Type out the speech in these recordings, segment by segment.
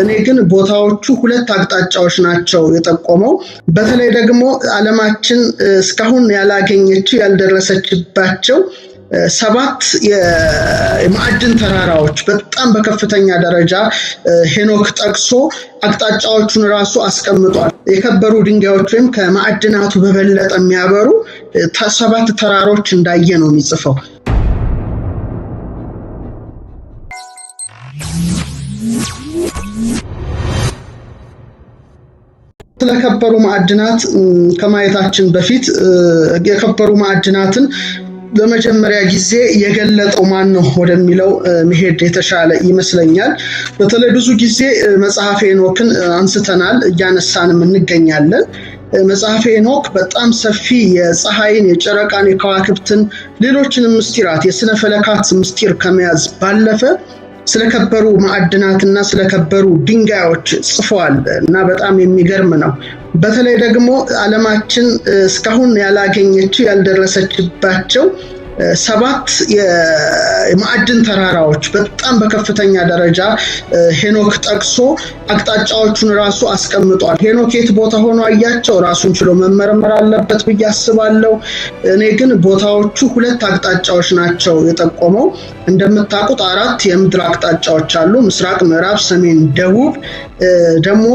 እኔ ግን ቦታዎቹ ሁለት አቅጣጫዎች ናቸው የጠቆመው። በተለይ ደግሞ ዓለማችን እስካሁን ያላገኘችው ያልደረሰችባቸው ሰባት የማዕድን ተራራዎች በጣም በከፍተኛ ደረጃ ሄኖክ ጠቅሶ አቅጣጫዎቹን ራሱ አስቀምጧል። የከበሩ ድንጋዮች ወይም ከማዕድናቱ በበለጠ የሚያበሩ ሰባት ተራሮች እንዳየ ነው የሚጽፈው። ስለከበሩ ማዕድናት ከማየታችን በፊት የከበሩ ማዕድናትን ለመጀመሪያ ጊዜ የገለጠው ማን ነው ወደሚለው መሄድ የተሻለ ይመስለኛል። በተለይ ብዙ ጊዜ መጽሐፈ ሄኖክን አንስተናል፣ እያነሳንም እንገኛለን። መጽሐፈ ሄኖክ በጣም ሰፊ የፀሐይን፣ የጨረቃን፣ የከዋክብትን ሌሎችንም ምስጢራት የስነ ፈለካት ምስጢር ከመያዝ ባለፈ ስለከበሩ ማዕድናትና ስለከበሩ ድንጋዮች ጽፏል እና በጣም የሚገርም ነው። በተለይ ደግሞ ዓለማችን እስካሁን ያላገኘችው ያልደረሰችባቸው ሰባት የማዕድን ተራራዎች በጣም በከፍተኛ ደረጃ ሄኖክ ጠቅሶ አቅጣጫዎቹን ራሱ አስቀምጧል። ሄኖክ የት ቦታ ሆኖ አያቸው ራሱን ችሎ መመርመር አለበት ብዬ አስባለሁ። እኔ ግን ቦታዎቹ ሁለት አቅጣጫዎች ናቸው የጠቆመው። እንደምታውቁት አራት የምድር አቅጣጫዎች አሉ፤ ምስራቅ፣ ምዕራብ፣ ሰሜን፣ ደቡብ። ደግሞ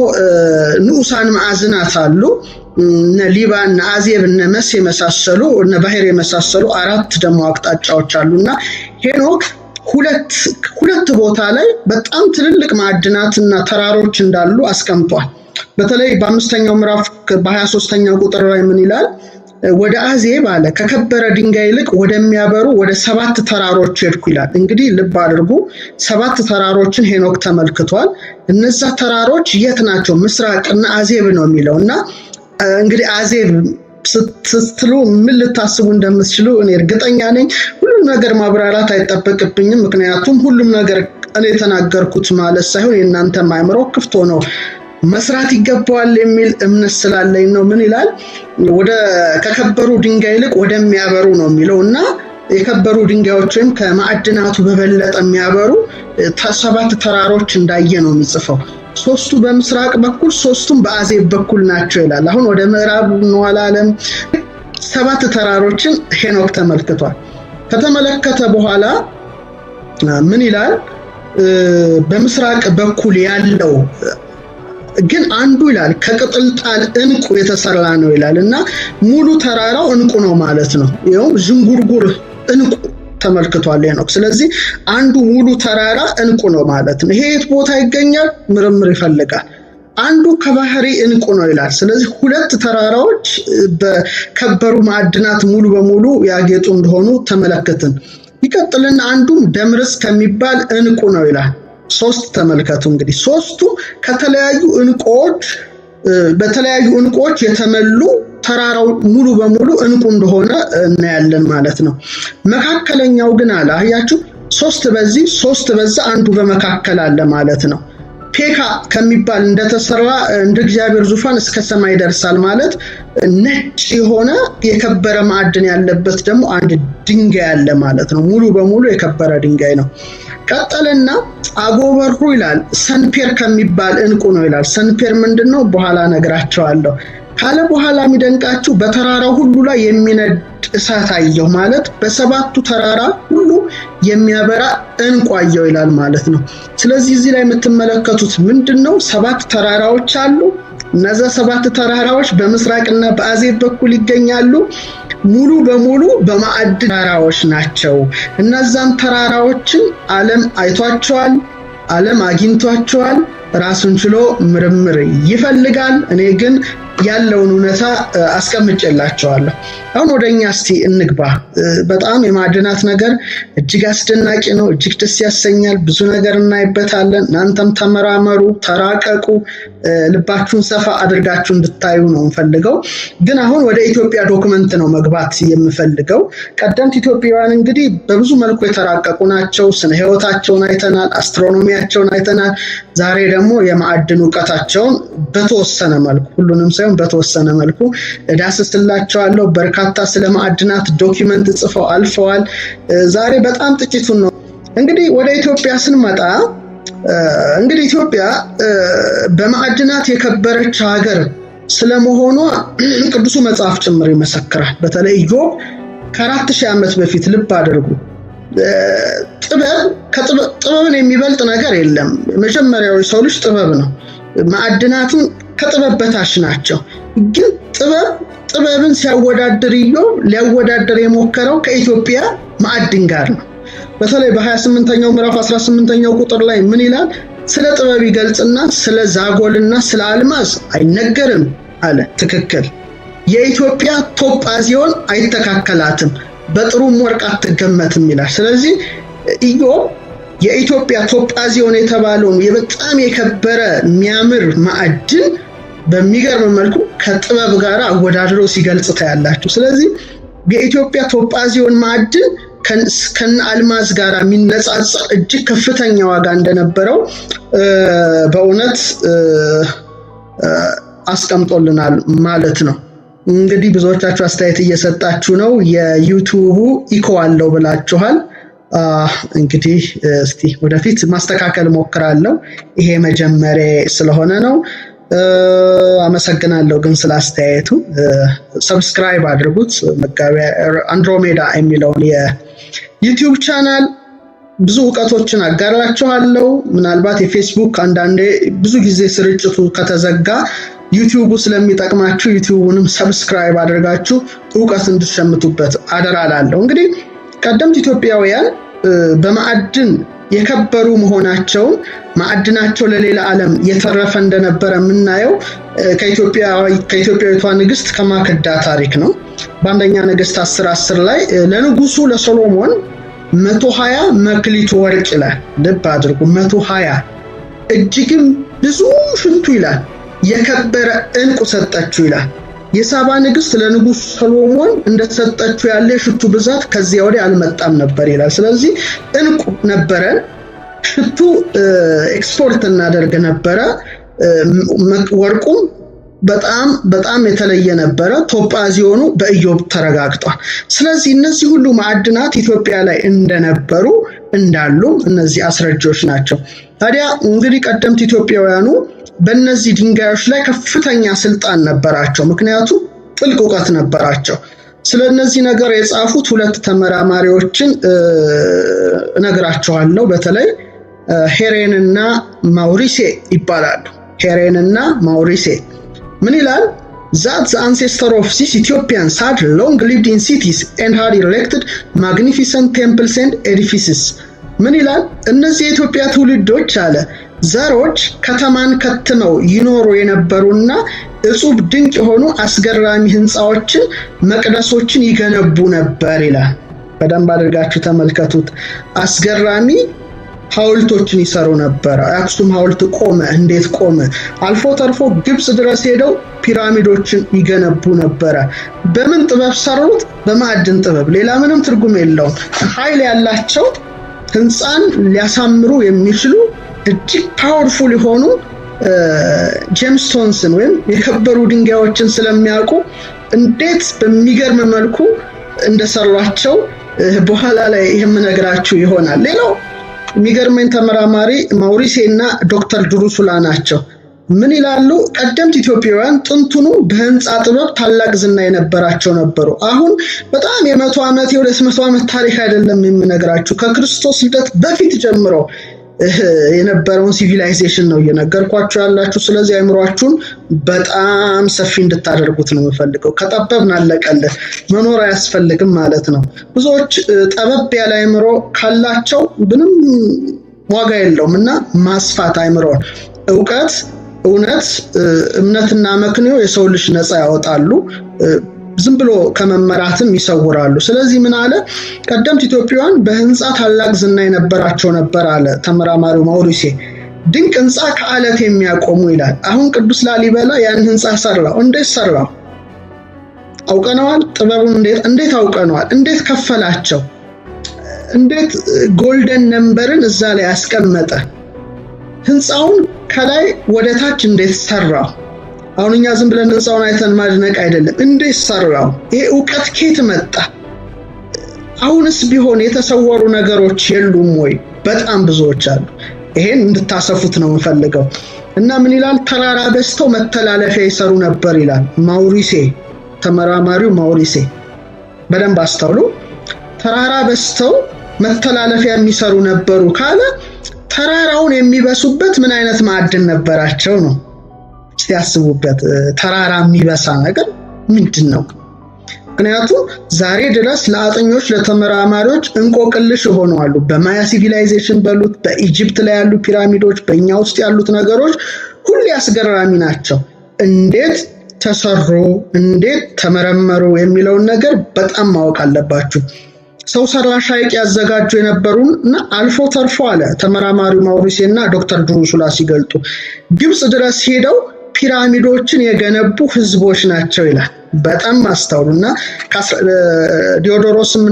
ንዑሳን ማዕዝናት አሉ እነ ሊባ እነ አዜብ እነ መስ የመሳሰሉ እነ ባህር የመሳሰሉ አራት ደግሞ አቅጣጫዎች እና ሄኖክ ሁለት ቦታ ላይ በጣም ትልልቅ ማዕድናት እና ተራሮች እንዳሉ አስቀምጧል። በተለይ በአምስተኛው ምዕራፍ በሀያ ሶስተኛው ቁጥር ላይ ምን ይላል? ወደ አዜብ አለ ከከበረ ድንጋይ ይልቅ ወደሚያበሩ ወደ ሰባት ተራሮች ሄድኩ ይላል። እንግዲህ ልብ አድርጉ፣ ሰባት ተራሮችን ሄኖክ ተመልክቷል። እነዛ ተራሮች የት ናቸው? ምስራቅና አዜብ ነው የሚለው እና እንግዲህ አዜብ ስትሉ ምን ልታስቡ እንደምትችሉ እኔ እርግጠኛ ነኝ። ሁሉም ነገር ማብራራት አይጠበቅብኝም። ምክንያቱም ሁሉም ነገር እኔ የተናገርኩት ማለት ሳይሆን የእናንተ አእምሮ ክፍቶ ነው መስራት ይገባዋል የሚል እምነት ስላለኝ ነው። ምን ይላል? ወደ ከከበሩ ድንጋይ ይልቅ ወደሚያበሩ ነው የሚለው እና የከበሩ ድንጋዮች ወይም ከማዕድናቱ በበለጠ የሚያበሩ ሰባት ተራሮች እንዳየ ነው የሚጽፈው። ሶስቱ በምስራቅ በኩል ሶስቱም በአዜብ በኩል ናቸው ይላል። አሁን ወደ ምዕራብ እንዋል ሰባት ተራሮችን ሄኖክ ተመልክቷል። ከተመለከተ በኋላ ምን ይላል? በምስራቅ በኩል ያለው ግን አንዱ ይላል ከቅጥልጣል እንቁ የተሰራ ነው ይላል እና ሙሉ ተራራው እንቁ ነው ማለት ነው። ይኸውም ዝንጉርጉር እንቁ ተመልክቷል ሄኖክ። ስለዚህ አንዱ ሙሉ ተራራ እንቁ ነው ማለት ነው። ይሄ የት ቦታ ይገኛል? ምርምር ይፈልጋል። አንዱ ከባህሪ እንቁ ነው ይላል። ስለዚህ ሁለት ተራራዎች በከበሩ ማዕድናት ሙሉ በሙሉ ያጌጡ እንደሆኑ ተመለከትን። ይቀጥልና አንዱም ደምርስ ከሚባል እንቁ ነው ይላል። ሶስት ተመልከቱ እንግዲህ ሶስቱ ከተለያዩ እንቁዎች በተለያዩ እንቁዎች የተመሉ ተራራው ሙሉ በሙሉ እንቁ እንደሆነ እናያለን ማለት ነው። መካከለኛው ግን አለ አያችሁ፣ ሶስት በዚህ ሶስት በዛ አንዱ በመካከል አለ ማለት ነው። ፔካ ከሚባል እንደተሰራ እንደ እግዚአብሔር ዙፋን እስከ ሰማይ ይደርሳል ማለት ነጭ የሆነ የከበረ ማዕድን ያለበት ደግሞ አንድ ድንጋይ አለ ማለት ነው። ሙሉ በሙሉ የከበረ ድንጋይ ነው። ቀጠልና አጎበሩ ይላል። ሰንፔር ከሚባል እንቁ ነው ይላል። ሰንፔር ምንድን ነው? በኋላ ነግራቸዋለሁ። ካለ በኋላ የሚደንቃችሁ በተራራው ሁሉ ላይ የሚነድ እሳት አየሁ ማለት በሰባቱ ተራራ ሁሉ የሚያበራ እንቋየው አየሁ ይላል ማለት ነው። ስለዚህ እዚህ ላይ የምትመለከቱት ምንድን ነው? ሰባት ተራራዎች አሉ። እነዚያ ሰባት ተራራዎች በምስራቅና በአዜብ በኩል ይገኛሉ። ሙሉ በሙሉ በማዕድ ተራራዎች ናቸው። እነዛን ተራራዎችን ዓለም አይቷቸዋል። ዓለም አግኝቷቸዋል። ራሱን ችሎ ምርምር ይፈልጋል። እኔ ግን ያለውን እውነታ አስቀምጬላቸዋለሁ። አሁን ወደ እኛ እስቲ እንግባ። በጣም የማዕድናት ነገር እጅግ አስደናቂ ነው፣ እጅግ ደስ ያሰኛል። ብዙ ነገር እናይበታለን። እናንተም ተመራመሩ፣ ተራቀቁ፣ ልባችሁን ሰፋ አድርጋችሁ እንድታዩ ነው የምፈልገው። ግን አሁን ወደ ኢትዮጵያ ዶክመንት ነው መግባት የምፈልገው። ቀደምት ኢትዮጵያውያን እንግዲህ በብዙ መልኩ የተራቀቁ ናቸው። ስነ ህይወታቸውን አይተናል፣ አስትሮኖሚያቸውን አይተናል። ዛሬ ደግሞ የማዕድን እውቀታቸውን በተወሰነ መልኩ ሁሉንም ሰው ሳይሆን በተወሰነ መልኩ እዳስስላቸዋለሁ። በርካታ ስለ ማዕድናት ዶኪመንት ጽፈው አልፈዋል። ዛሬ በጣም ጥቂቱን ነው። እንግዲህ ወደ ኢትዮጵያ ስንመጣ እንግዲህ ኢትዮጵያ በማዕድናት የከበረች ሀገር ስለመሆኗ ቅዱሱ መጽሐፍ ጭምር ይመሰክራል። በተለይ ኢዮብ ከአራት ሺህ ዓመት በፊት ልብ አድርጉ። ጥበብን የሚበልጥ ነገር የለም። መጀመሪያዊ ሰው ልጅ ጥበብ ነው። ማዕድናቱን ከጥበብ በታች ናቸው። ግን ጥበብ ጥበብን ሲያወዳድር ኢዮብ ሊያወዳደር የሞከረው ከኢትዮጵያ ማዕድን ጋር ነው። በተለይ በ28ኛው ምዕራፍ 18ኛው ቁጥር ላይ ምን ይላል? ስለ ጥበብ ይገልጽና ስለ ዛጎልና ስለ አልማዝ አይነገርም አለ። ትክክል። የኢትዮጵያ ቶጳዚዮን አይተካከላትም፣ በጥሩም ወርቅ አትገመትም ይላል። ስለዚህ ኢዮብ የኢትዮጵያ ቶጳዚዮን የተባለውን የበጣም የከበረ የሚያምር ማዕድን በሚገርም መልኩ ከጥበብ ጋር አወዳድሮ ሲገልጽ ታያላችሁ። ስለዚህ የኢትዮጵያ ቶጳዚዮን ማዕድን ከነ አልማዝ ጋር የሚነጻጸር እጅግ ከፍተኛ ዋጋ እንደነበረው በእውነት አስቀምጦልናል ማለት ነው። እንግዲህ ብዙዎቻችሁ አስተያየት እየሰጣችሁ ነው። የዩቱቡ ኢኮ አለው ብላችኋል። እንግዲህ እስቲ ወደፊት ማስተካከል ሞክራለሁ። ይሄ መጀመሪያ ስለሆነ ነው። አመሰግናለሁ ግን ስለ አስተያየቱ። ሰብስክራይብ አድርጉት። መጋቢያ አንድሮሜዳ የሚለውን የዩቲዩብ ቻናል ብዙ እውቀቶችን አጋራችኋለሁ። ምናልባት የፌስቡክ አንዳንዴ ብዙ ጊዜ ስርጭቱ ከተዘጋ ዩቲዩቡ ስለሚጠቅማችሁ ዩቲዩቡንም ሰብስክራይብ አድርጋችሁ እውቀት እንድትሸምቱበት አደራላለሁ። እንግዲህ ቀደምት ኢትዮጵያውያን በማዕድን የከበሩ መሆናቸውን ማዕድናቸው ለሌላ ዓለም የተረፈ እንደነበረ የምናየው ከኢትዮጵያዊቷ ንግስት ከማክዳ ታሪክ ነው። በአንደኛ ነገስት 10 10 ላይ ለንጉሱ ለሶሎሞን 120 መክሊቱ ወርቅ ይላል። ልብ አድርጉ 120 እጅግም ብዙ ሽንቱ ይላል የከበረ እንቁ ሰጠችው ይላል። የሳባ ንግስት ለንጉስ ሰሎሞን እንደተሰጠችው ያለ የሽቱ ብዛት ከዚያ ወዲህ አልመጣም ነበር ይላል። ስለዚህ እንቁ ነበረን፣ ሽቱ ኤክስፖርት እናደርግ ነበረ። ወርቁም በጣም በጣም የተለየ ነበረ። የሆኑ በኢዮብ ተረጋግጧል። ስለዚህ እነዚህ ሁሉ ማዕድናት ኢትዮጵያ ላይ እንደነበሩ እንዳሉ እነዚህ አስረጃዎች ናቸው። ታዲያ እንግዲህ ቀደምት ኢትዮጵያውያኑ በእነዚህ ድንጋዮች ላይ ከፍተኛ ስልጣን ነበራቸው፣ ምክንያቱም ጥልቅ እውቀት ነበራቸው። ስለነዚህ ነገር የጻፉት ሁለት ተመራማሪዎችን እነግራችኋለሁ። በተለይ ሄሬንና ማውሪሴ ይባላሉ። ሄሬንና ማውሪሴ ምን ይላል? that the ancestor of these Ethiopians had long lived in cities and had erected magnificent temples and edifices። ምን ይላል? እነዚህ የኢትዮጵያ ትውልዶች አለ ዘሮች ከተማን ከትነው ይኖሩ የነበሩና እጹብ ድንቅ የሆኑ አስገራሚ ህንፃዎችን፣ መቅደሶችን ይገነቡ ነበር ይላል። በደንብ አድርጋችሁ ተመልከቱት። አስገራሚ ሐውልቶችን ይሰሩ ነበረ። አክሱም ሐውልት ቆመ። እንዴት ቆመ? አልፎ ተርፎ ግብፅ ድረስ ሄደው ፒራሚዶችን ይገነቡ ነበረ። በምን ጥበብ ሰሩት? በማዕድን ጥበብ። ሌላ ምንም ትርጉም የለውም። ኃይል ያላቸው ህንፃን ሊያሳምሩ የሚችሉ እጅግ ፓወርፉል የሆኑ ቶንስን ወይም የከበሩ ድንጋዮችን ስለሚያውቁ እንዴት በሚገርም መልኩ እንደሰሯቸው በኋላ ላይ የምነግራችሁ ይሆናል። ሌላው የሚገርመኝ ተመራማሪ ማውሪሴ እና ዶክተር ድሩሱላ ናቸው። ምን ይላሉ? ቀደምት ኢትዮጵያውያን ጥንቱኑ በህንፃ ጥበብ ታላቅ ዝና የነበራቸው ነበሩ። አሁን በጣም የመቶ ዓመት የሁለት መቶ ዓመት ታሪክ አይደለም የምነግራችሁ ከክርስቶስ ልደት በፊት ጀምሮ የነበረውን ሲቪላይዜሽን ነው እየነገርኳችሁ ያላችሁ። ስለዚህ አይምሯችሁን በጣም ሰፊ እንድታደርጉት ነው የምፈልገው። ከጠበብን አለቀልን፣ መኖር አያስፈልግም ማለት ነው። ብዙዎች ጠበብ ያለ አይምሮ ካላቸው ምንም ዋጋ የለውም እና ማስፋት አይምሮን እውቀት፣ እውነት፣ እምነትና መክንዮ የሰው ልጅ ነፃ ያወጣሉ። ዝም ብሎ ከመመራትም ይሰውራሉ። ስለዚህ ምን አለ? ቀደምት ኢትዮጵያውያን በህንፃ ታላቅ ዝና የነበራቸው ነበር አለ ተመራማሪው ማውሪሴ። ድንቅ ህንፃ ከአለት የሚያቆሙ ይላል። አሁን ቅዱስ ላሊበላ ያን ህንፃ ሰራው። እንዴት ሰራው? አውቀነዋል። ጥበቡን እንዴት አውቀነዋል? እንዴት ከፈላቸው? እንዴት ጎልደን ነንበርን እዛ ላይ ያስቀመጠ? ህንፃውን ከላይ ወደ ታች እንዴት ሰራው? አሁን እኛ ዝም ብለን ህንፃውን አይተን ማድነቅ አይደለም። እንዴት ሰራው? ይሄ እውቀት ኬት መጣ? አሁንስ ቢሆን የተሰወሩ ነገሮች የሉም ወይ? በጣም ብዙዎች አሉ። ይሄን እንድታሰፉት ነው የምፈልገው። እና ምን ይላል? ተራራ በዝተው መተላለፊያ ይሰሩ ነበር ይላል ማውሪሴ፣ ተመራማሪው ማውሪሴ። በደንብ አስተውሉ። ተራራ በዝተው መተላለፊያ የሚሰሩ ነበሩ ካለ ተራራውን የሚበሱበት ምን አይነት ማዕድን ነበራቸው ነው? ሲያስቡበት ተራራ የሚበሳ ነገር ምንድን ነው? ምክንያቱም ዛሬ ድረስ ለአጥኞች ለተመራማሪዎች እንቆቅልሽ አሉ። በማያ ሲቪላይዜሽን በሉት በኢጅፕት ላይ ያሉ ፒራሚዶች፣ በእኛ ውስጥ ያሉት ነገሮች ሁሌ አስገራሚ ናቸው። እንዴት ተሰሩ፣ እንዴት ተመረመሩ የሚለውን ነገር በጣም ማወቅ አለባችሁ። ሰው ሰራሽ ሐይቅ ያዘጋጁ የነበሩን እና አልፎ ተርፎ አለ ተመራማሪው ማውሪሴ እና ዶክተር ድሩሱላ ሲገልጡ ግብፅ ድረስ ሄደው ፒራሚዶችን የገነቡ ህዝቦች ናቸው ይላል። በጣም እና ዲዮዶሮስም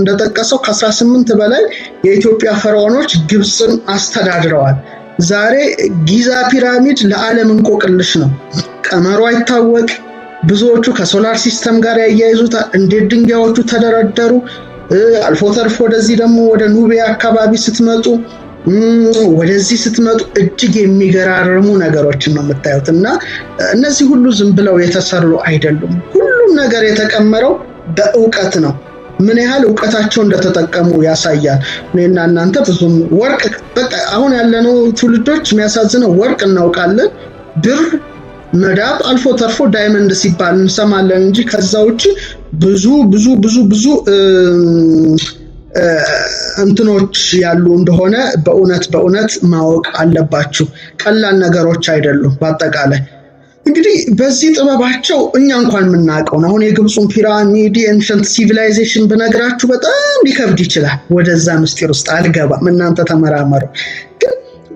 እንደጠቀሰው ከ18 በላይ የኢትዮጵያ ፈርዖኖች ግብፅን አስተዳድረዋል። ዛሬ ጊዛ ፒራሚድ ለዓለም እንቆቅልሽ ነው። ቀመሩ አይታወቅ። ብዙዎቹ ከሶላር ሲስተም ጋር ያያይዙታል። እንዴት ድንጋዮቹ ተደረደሩ? አልፎ ተርፎ ወደዚህ ደግሞ ወደ ኑቤ አካባቢ ስትመጡ ወደዚህ ስትመጡ እጅግ የሚገራርሙ ነገሮችን ነው የምታዩት እና እነዚህ ሁሉ ዝም ብለው የተሰሩ አይደሉም። ሁሉም ነገር የተቀመረው በእውቀት ነው። ምን ያህል እውቀታቸው እንደተጠቀሙ ያሳያል። እኔና እናንተ ብዙም ወርቅ በቃ አሁን ያለነው ትውልዶች የሚያሳዝነው ወርቅ እናውቃለን፣ ብር፣ መዳብ አልፎ ተርፎ ዳይመንድ ሲባል እንሰማለን እንጂ ከዛ ውጭ ብዙ ብዙ ብዙ ብዙ እንትኖች ያሉ እንደሆነ በእውነት በእውነት ማወቅ አለባችሁ። ቀላል ነገሮች አይደሉም። በአጠቃላይ እንግዲህ በዚህ ጥበባቸው እኛ እንኳን የምናውቀውን አሁን የግብፁን ፒራሚድ ኤንሸንት ሲቪላይዜሽን ብነግራችሁ በጣም ሊከብድ ይችላል። ወደዛ ምስጢር ውስጥ አልገባም። እናንተ ተመራመሩ።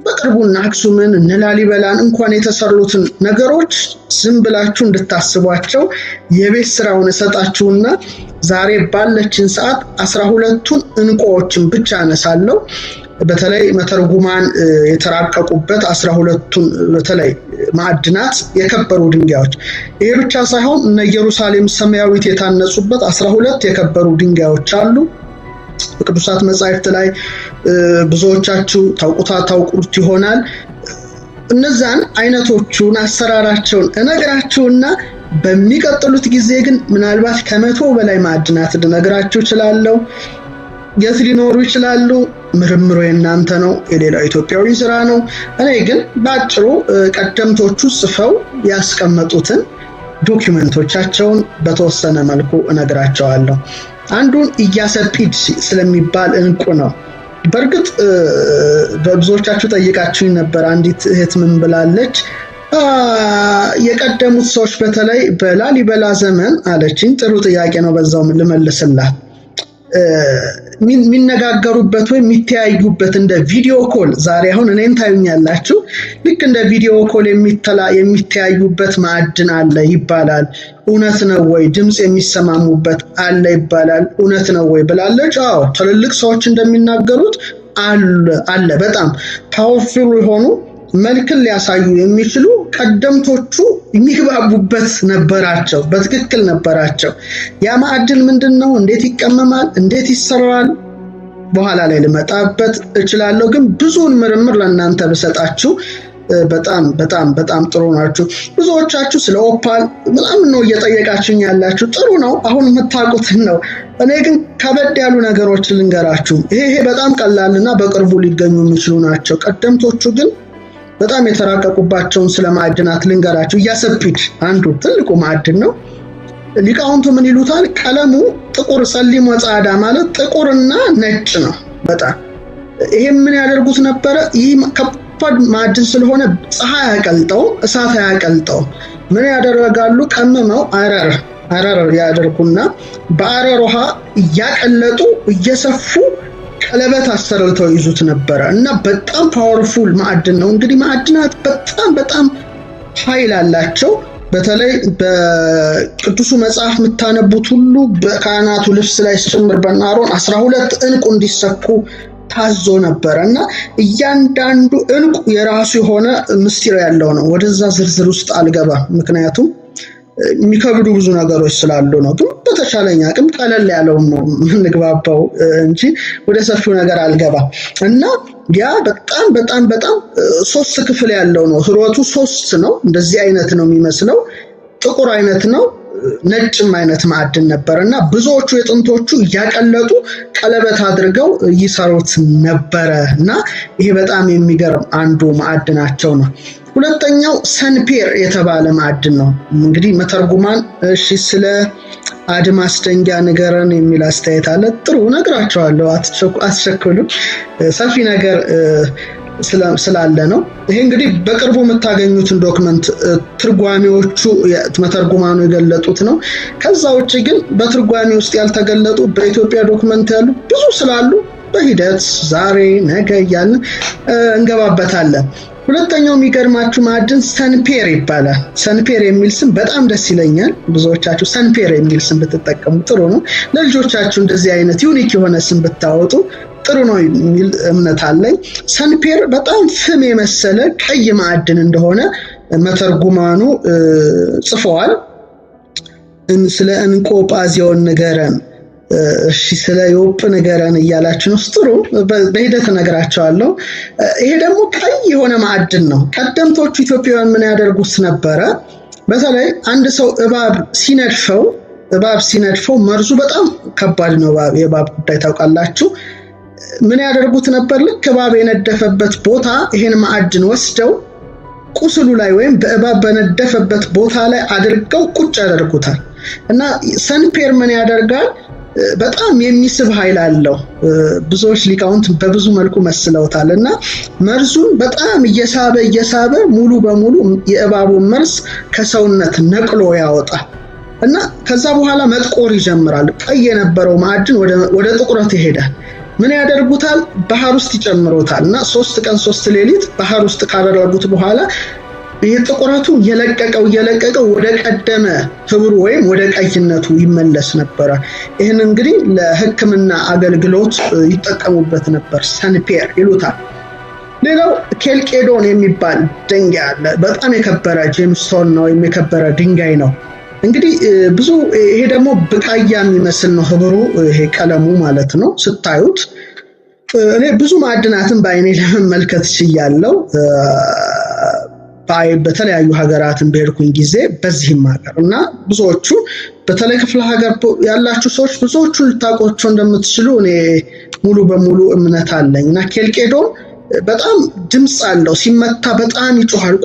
በቅርቡና አክሱምን እነ ላሊበላን እንኳን የተሰሩትን ነገሮች ዝም ብላችሁ እንድታስቧቸው የቤት ስራውን እሰጣችሁና ዛሬ ባለችን ሰዓት አስራ ሁለቱን እንቁዎችን ብቻ አነሳለሁ። በተለይ መተርጉማን የተራቀቁበት አስራ ሁለቱን በተለይ ማዕድናት የከበሩ ድንጋዮች። ይሄ ብቻ ሳይሆን እነ ኢየሩሳሌም ሰማያዊት የታነጹበት አስራ ሁለት የከበሩ ድንጋዮች አሉ። በቅዱሳት መጻሕፍት ላይ ብዙዎቻችሁ ታውቁታ ታውቁት ይሆናል። እነዛን አይነቶቹን አሰራራቸውን እነግራችሁና በሚቀጥሉት ጊዜ ግን ምናልባት ከመቶ በላይ ማዕድናት ልነግራችሁ እችላለሁ። የት ሊኖሩ ይችላሉ? ምርምሩ የእናንተ ነው፣ የሌላው ኢትዮጵያዊ ስራ ነው። እኔ ግን በአጭሩ ቀደምቶቹ ጽፈው ያስቀመጡትን ዶኪመንቶቻቸውን በተወሰነ መልኩ እነግራቸዋለሁ። አንዱን ኢያሰጲድ ስለሚባል እንቁ ነው በእርግጥ በብዙዎቻችሁ ጠይቃችሁኝ ነበር። አንዲት እህት ምን ብላለች? የቀደሙት ሰዎች በተለይ በላሊበላ ዘመን አለችኝ። ጥሩ ጥያቄ ነው። በዛውም ልመልስላት። የሚነጋገሩበት ወይም የሚተያዩበት እንደ ቪዲዮ ኮል ዛሬ አሁን እኔን ታዩኛላችሁ። ልክ እንደ ቪዲዮ ኮል የሚተያዩበት ማዕድን አለ ይባላል። እውነት ነው ወይ? ድምፅ የሚሰማሙበት አለ ይባላል። እውነት ነው ወይ ብላለች። አዎ ትልልቅ ሰዎች እንደሚናገሩት አለ። በጣም ፓወርፉል የሆኑ መልክን ሊያሳዩ የሚችሉ ቀደምቶቹ የሚግባቡበት ነበራቸው፣ በትክክል ነበራቸው። ያ ማዕድን ምንድን ነው? እንዴት ይቀመማል? እንዴት ይሰራል? በኋላ ላይ ልመጣበት እችላለሁ። ግን ብዙውን ምርምር ለእናንተ ብሰጣችሁ በጣም በጣም በጣም ጥሩ ናችሁ። ብዙዎቻችሁ ስለ ኦፓል ምናምን ነው እየጠየቃችሁኝ ያላችሁ። ጥሩ ነው፣ አሁን የምታውቁትን ነው። እኔ ግን ከበድ ያሉ ነገሮችን ልንገራችሁ። ይሄ ይሄ በጣም ቀላልና በቅርቡ ሊገኙ የሚችሉ ናቸው። ቀደምቶቹ ግን በጣም የተራቀቁባቸውን ስለ ማዕድናት ልንገራቸው። እያሰፒድ አንዱ ትልቁ ማዕድን ነው። ሊቃውንቱ ምን ይሉታል? ቀለሙ ጥቁር ሰሊሞ ጻዳ ማለት ጥቁርና ነጭ ነው። በጣም ይሄ ምን ያደርጉት ነበረ? ይህ ከባድ ማዕድን ስለሆነ ፀሐይ አያቀልጠውም፣ እሳት አያቀልጠውም። ምን ያደረጋሉ? ቀምመው አረር አረር ያደርጉና በአረር ውሃ እያቀለጡ እየሰፉ ቀለበት አሰርተው ይዙት ነበረ እና በጣም ፓወርፉል ማዕድን ነው። እንግዲህ ማዕድናት በጣም በጣም ኃይል አላቸው። በተለይ በቅዱሱ መጽሐፍ የምታነቡት ሁሉ በካህናቱ ልብስ ላይ ጭምር በናሮን አሮን አስራ ሁለት እንዲሰኩ ታዞ ነበረ እና እያንዳንዱ እንቁ የራሱ የሆነ ምስጢር ያለው ነው። ወደዛ ዝርዝር ውስጥ አልገባም፣ ምክንያቱም የሚከብዱ ብዙ ነገሮች ስላሉ ነው። ግን በተቻለኝ አቅም ቀለል ያለው ነው የምንግባባው እንጂ ወደ ሰፊው ነገር አልገባም እና ያ በጣም በጣም በጣም ሶስት ክፍል ያለው ነው። ህሮቱ ሶስት ነው። እንደዚህ አይነት ነው የሚመስለው። ጥቁር አይነት ነው፣ ነጭም አይነት ማዕድን ነበር እና ብዙዎቹ የጥንቶቹ እያቀለጡ ቀለበት አድርገው ይሰሩት ነበረ እና ይሄ በጣም የሚገርም አንዱ ማዕድናቸው ነው። ሁለተኛው ሰንፔር የተባለ ማዕድን ነው። እንግዲህ መተርጉማን እሺ ስለ አድማስ ደንጊያ ንገረን የሚል አስተያየት አለ። ጥሩ ነግራቸዋለሁ፣ አትቸኩሉ። ሰፊ ነገር ስላለ ነው። ይሄ እንግዲህ በቅርቡ የምታገኙትን ዶክመንት ትርጓሚዎቹ መተርጉማኑ የገለጡት ነው። ከዛ ውጭ ግን በትርጓሚ ውስጥ ያልተገለጡ በኢትዮጵያ ዶክመንት ያሉ ብዙ ስላሉ በሂደት ዛሬ ነገ እያልን እንገባበታለን። ሁለተኛው የሚገርማችሁ ማዕድን ሰንፔር ይባላል። ሰንፔር የሚል ስም በጣም ደስ ይለኛል። ብዙዎቻችሁ ሰንፔር የሚል ስም ብትጠቀሙ ጥሩ ነው። ለልጆቻችሁ እንደዚህ አይነት ዩኒክ የሆነ ስም ብታወጡ ጥሩ ነው የሚል እምነት አለኝ። ሰንፔር በጣም ፍም የመሰለ ቀይ ማዕድን እንደሆነ መተርጉማኑ ጽፈዋል። ስለ እንቆጳዚዮን ንገረን እሺ ስለ የወጡ ንገረን እያላችን ውስጥ ጥሩ በሂደት እነግራቸዋለሁ። ይሄ ደግሞ ቀይ የሆነ ማዕድን ነው። ቀደምቶቹ ኢትዮጵያውያን ምን ያደርጉት ነበረ? በተለይ አንድ ሰው እባብ ሲነድፈው እባብ ሲነድፈው መርዙ በጣም ከባድ ነው። የእባብ ጉዳይ ታውቃላችሁ። ምን ያደርጉት ነበር? ልክ እባብ የነደፈበት ቦታ ይሄን ማዕድን ወስደው ቁስሉ ላይ ወይም በእባብ በነደፈበት ቦታ ላይ አድርገው ቁጭ ያደርጉታል እና ሰንፔር ምን ያደርጋል በጣም የሚስብ ኃይል አለው። ብዙዎች ሊቃውንት በብዙ መልኩ መስለውታል እና መርዙን በጣም እየሳበ እየሳበ ሙሉ በሙሉ የእባቡን መርዝ ከሰውነት ነቅሎ ያወጣል እና ከዛ በኋላ መጥቆር ይጀምራል። ቀይ የነበረው ማዕድን ወደ ጥቁረት ይሄዳል። ምን ያደርጉታል? ባህር ውስጥ ይጨምሩታል እና ሶስት ቀን ሶስት ሌሊት ባህር ውስጥ ካደረጉት በኋላ ይህ ጥቁረቱ እየለቀቀው እየለቀቀው ወደ ቀደመ ህብሩ ወይም ወደ ቀይነቱ ይመለስ ነበረ። ይህን እንግዲህ ለሕክምና አገልግሎት ይጠቀሙበት ነበር። ሰንፔር ይሉታል። ሌላው ኬልቄዶን የሚባል ድንጋይ አለ። በጣም የከበረ ጄምስቶን ነው ወይም የከበረ ድንጋይ ነው። እንግዲህ ብዙ ይሄ ደግሞ ብቃያ የሚመስል ነው ህብሩ፣ ይሄ ቀለሙ ማለት ነው ስታዩት። እኔ ብዙ ማዕድናትን በአይኔ ለመመልከት ችያለው። በተለያዩ ሀገራትን በሄድኩኝ ጊዜ በዚህም ሀገር እና ብዙዎቹ በተለይ ክፍለ ሀገር ያላችሁ ሰዎች ብዙዎቹ ልታውቋቸው እንደምትችሉ እኔ ሙሉ በሙሉ እምነት አለኝ እና ኬልቄዶን በጣም ድምፅ አለው። ሲመታ በጣም ይጮሃል።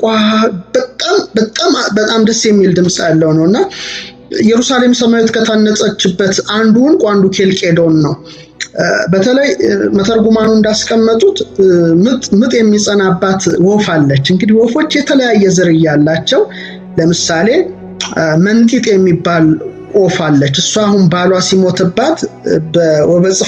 በጣም በጣም ደስ የሚል ድምፅ ያለው ነው እና ኢየሩሳሌም ሰማያዊት ከታነጸችበት አንዱ ዕንቁ አንዱ ኬልቄዶን ነው። በተለይ መተርጉማኑ እንዳስቀመጡት ምጥ የሚጸናባት ወፍ አለች። እንግዲህ ወፎች የተለያየ ዝርያ አላቸው። ለምሳሌ መንጢጥ የሚባል ወፍ አለች። እሷ አሁን ባሏ ሲሞትባት በወበጽፋ